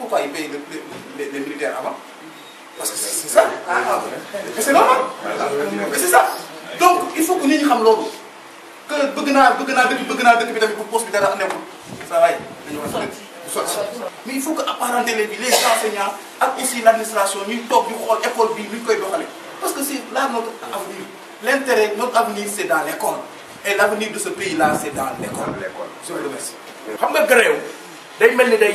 pourquoi ils payent les, militaires avant mm-hmm. Parce que c'est ça. Ah, ah. c'est normal. Mais c'est ça. Donc, il faut que nous sachions l'autre. Que bëgg naa bëgg que nous bëgg naa dëkk bi tamit bu poste dara nekkul ça va mais il faut que apparenter les les enseignants et aussi l'administration, nous ñuy toog di xool école bi ñu parce que c'est là notre avenir L'intérêt, notre avenir c'est dans l'école et l'avenir de ce pays là c'est dans l'école je vous remercie. xam nga grève day mel day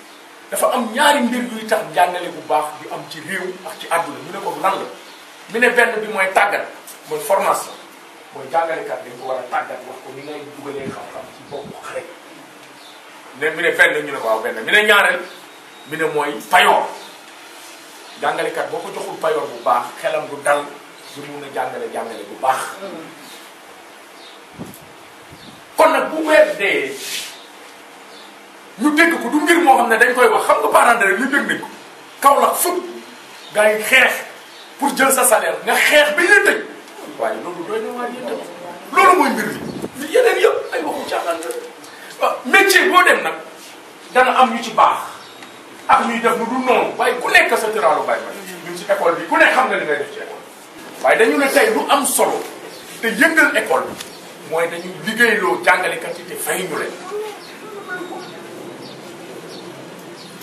dafa am ñaari mbir yuy tax jàngale bu baax di am ci réew ak ci àdduna ñu ne ko lan la mu ne benn bi mooy tàggat mooy formation mooy jàngalekat dañ ko war a tàggat ko ni ngay dugalee mu ne benn ñu ne ko waaw benn mi ne ñaareel mi ne mooy payoor jàngalekat boo ko joxul payoor bu baax xelam du dal du mun a jàngale jàngale bu baax kon nag bu weer dee ñu dégg ko du mbir xam ne dañ koy wax xam nga parent rek li dégg kaw la fukk gaa yi xeex pour jël sa salaire nga xeex ba ñu leen tëj waaye loolu doy na waar loolu mooy mbir mi yeneen yëpp ay waxu caaxaan la waaw métier boo dem nag dana am ñu ci baax ak ñuy def lu dul noonu waaye ku nekk sa tëraalu bàyyi ma ñun ci école bi ku nekk xam ne li ngay def ci waaye dañu ne tey lu am solo te yëngal école bi mooy dañuy liggéeyloo jàngalekat yi te fay ñu leen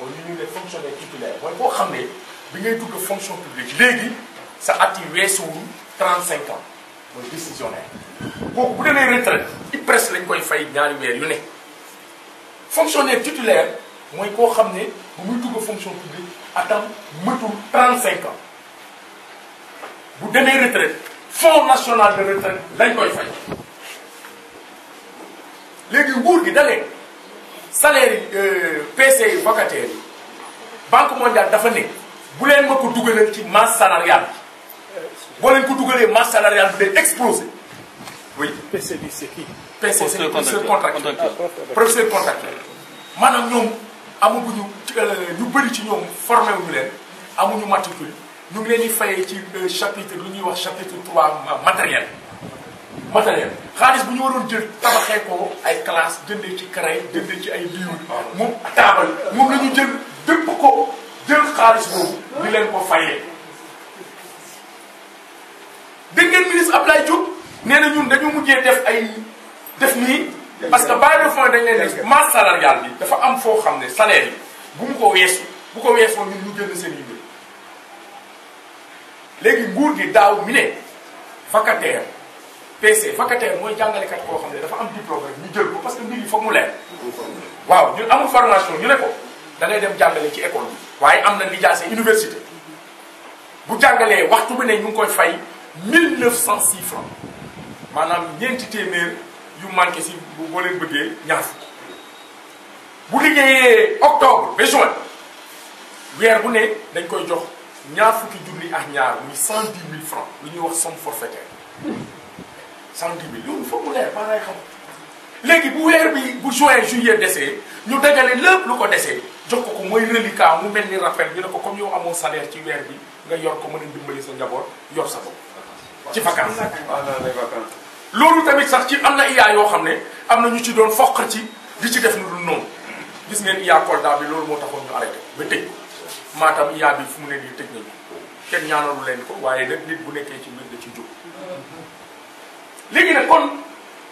les fonctionnaires titulaires ils bi ngay fonction publique ça sa tiré sur 35 ans Vous décisionnaire Vous les retraite ils presse les fay dans les les fonctionnaire titulaire fonctionnaires koo vous que bu muy fonction publique atam 35 ans vous une retraite fonds national de retraite lañ koy fay les salaire PC yi euh, vacataires yi banque mondiale dafa ne bu leen ma ko dugalal ci masse salariale bi boo leen ko dugalee masse salariale bi day explosé oui. PC bi c'est qui. PC c'est professeur contractuel professeur contractuel ah, maanaam ñoom euh, ñu bëri ci ñoom formé wuñu leen amuñu matricule ñu ngi leen di fayee ci euh, chapitre lu ñuy wax chapitre 3 matériel. matériel xaalis bu ñu waroon jël tabaxee ko ay classe jëndee ci craie jëndee ci ay liiwut ah. moom taabal moom la ñu jël dëpp ko jël xaalis boobu di leen ko fayee dégg ngeen ministre Abdoulaye Diop nee na ñun dañu mujjee def ay def nii parce que bail dañ leen ne masse salariale bi dafa am foo xam ne salaire yi bu mu ko weesu bu ko weesoo ñun ñu jënd seen i léegi nguur gi daaw mi ne vacataire PC vacataire mooy jàngalekat koo xam ne dafa am diplôme rek ñu jël ko parce que mbir yi foog mu leer. waaw ñun amul formation ñu ne ko danay dem jàngale ci école bi. waaye am na lijaase université bu jàngalee waxtu bu ne ñu ngi koy fay 1906 francs maanaam ñeenti téeméer yu manqué si bu boo leen bëggee ñaar fukk bu liggéeyee octobre ba juin weer bu ne dañ koy jox ñaar fukki junni ak ñaar muy 110 000 francs lu ñuy wax somme forfaitaire. sant bi loolu foog mu leer maa bu weer bi bu juin juillet desee ñu dajale lépp lu ko desee jox ko ko mooy reliquat mu mel ni rappel ñu ne ko comme yow amoo salaire bi nga yor ko mën a dimbali sa njaboot yor sa ci vacance loolu tamit sax ci am na iyaa yoo xam ne am na ñu ci doon foqar ci di ci def lu dul noonu gis ngeen iyaa Kolda bi loolu moo taxoon ñu arrêté ba tëj ko maatam iyaa bi fu mu ne nii tëj nañu kenn ñaanalu leen ko waaye nag nit bu nekkee ci mbir da ci jóg léegi nag kon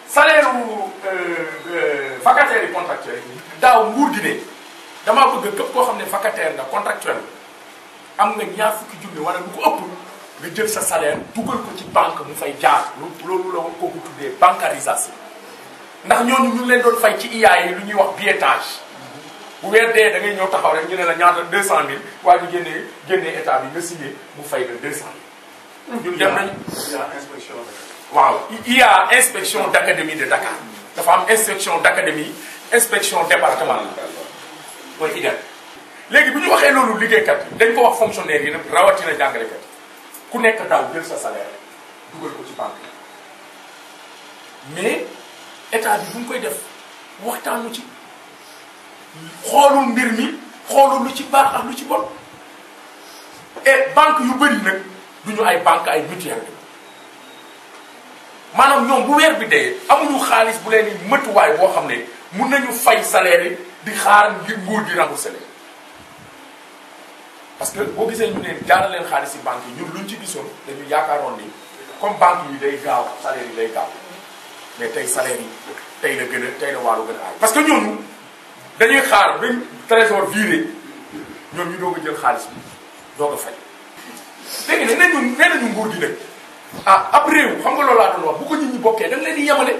salaire u euh, euh, vacataire yi contractuel daaw nguur gi damaa bëgg képp koo xam ne vacataire nga contractuel am nga ñaa fukki junni wala lu ko ëpp nga jël sa salaire dugal ko ci banque mu fay jaar loolu la ko kooku tuddee bancarisation ndax ñooñu ñu leen doon fay ci iyaay yi lu ñuy wax billetage bu weer dee da ñoo taxaw rek ñu ne la ñaan ñaata 200000 waaye ñu génnee génnee état bi nga signé mu fay la 200000. Hmm. ñun dem nañu. inspection waaw il y a inspection d'académie de Dakar dafa am inspection d'académie, inspection départementale mooy IDEC. léegi bu ñu waxee loolu liggéeykat dañ ko wax fonctionnaire yi nag rawatina jàngalekat ku nekk daaw jël sa salaire dugal ko ci banque mais état bi bu ñu koy def waxtaanu ci xoolul mbir mi xoolul lu ci baax ak lu ci bon et banque yu bëri nag du ñu ay banque ay mutuelle. maanaam ñoom bu weer bi dee amuñu xaalis bu leen di mëtuwaay boo xam ne mun nañu fay salaire di xaaral ngir nguur gi rembourser leen parce que boo gisee ñu ne jaara leen xaalis ci banque yi ñun luñ ci gisoon dañu yaakaaroon ni comme banque yi day gaaw salaire yi day gaaw mais tey salaire yi tey la gën a tey la waaru gën a aay parce que ñooñu dañuy xaar ba trésor viré ñoom ñu doog jël xaalis bi doo a fay léegi ne nañu nee nañu nguur gi nag ah ab réew xam nga loolu laa doon wax bu ko ñu ñi bokkee da nga leen di yemale.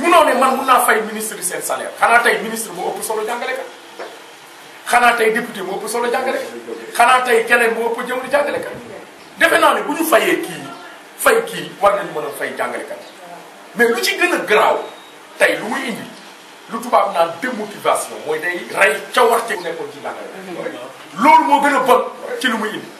munoo mm-hmm. wax man mun naa fay ministre bi seen salaire xanaa tey ministre moo ëpp solo jàngalekat xanaa tey député moo ëpp solo jàngalekat xanaa tey keneen moo ëpp jëm di jàngalekat defe naa ne bu ñu fayee kii fay kii war nañu mën a fay jàngalekat mais lu ci gën a garaaw tey lu muy indi lu tubaab naan démotivation mooy day rey ca war ci nekkoon ci jàngalekat mm-hmm. loolu moo gën a bon ci lu muy indi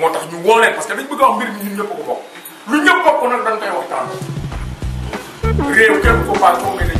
moo tax ñu woo leen que dañ bëgg a wax mbir mi ñun ñëpp ko bokk lu ñëpp bokk nag dañ koy waxtaan réew kenn ko baal foo